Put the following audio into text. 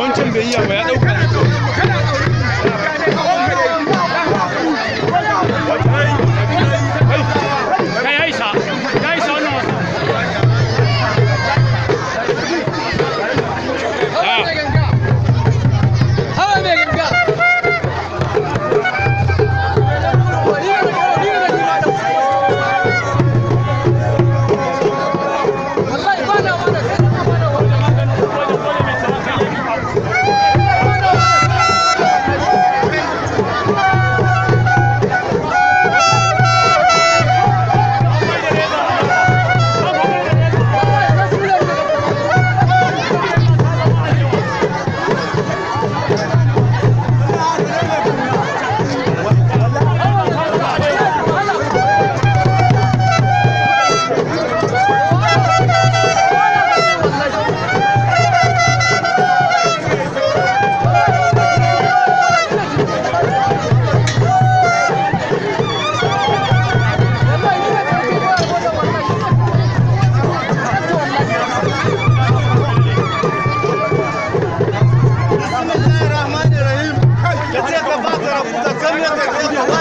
wancan bai yi ya ɗauka 真的太牛了！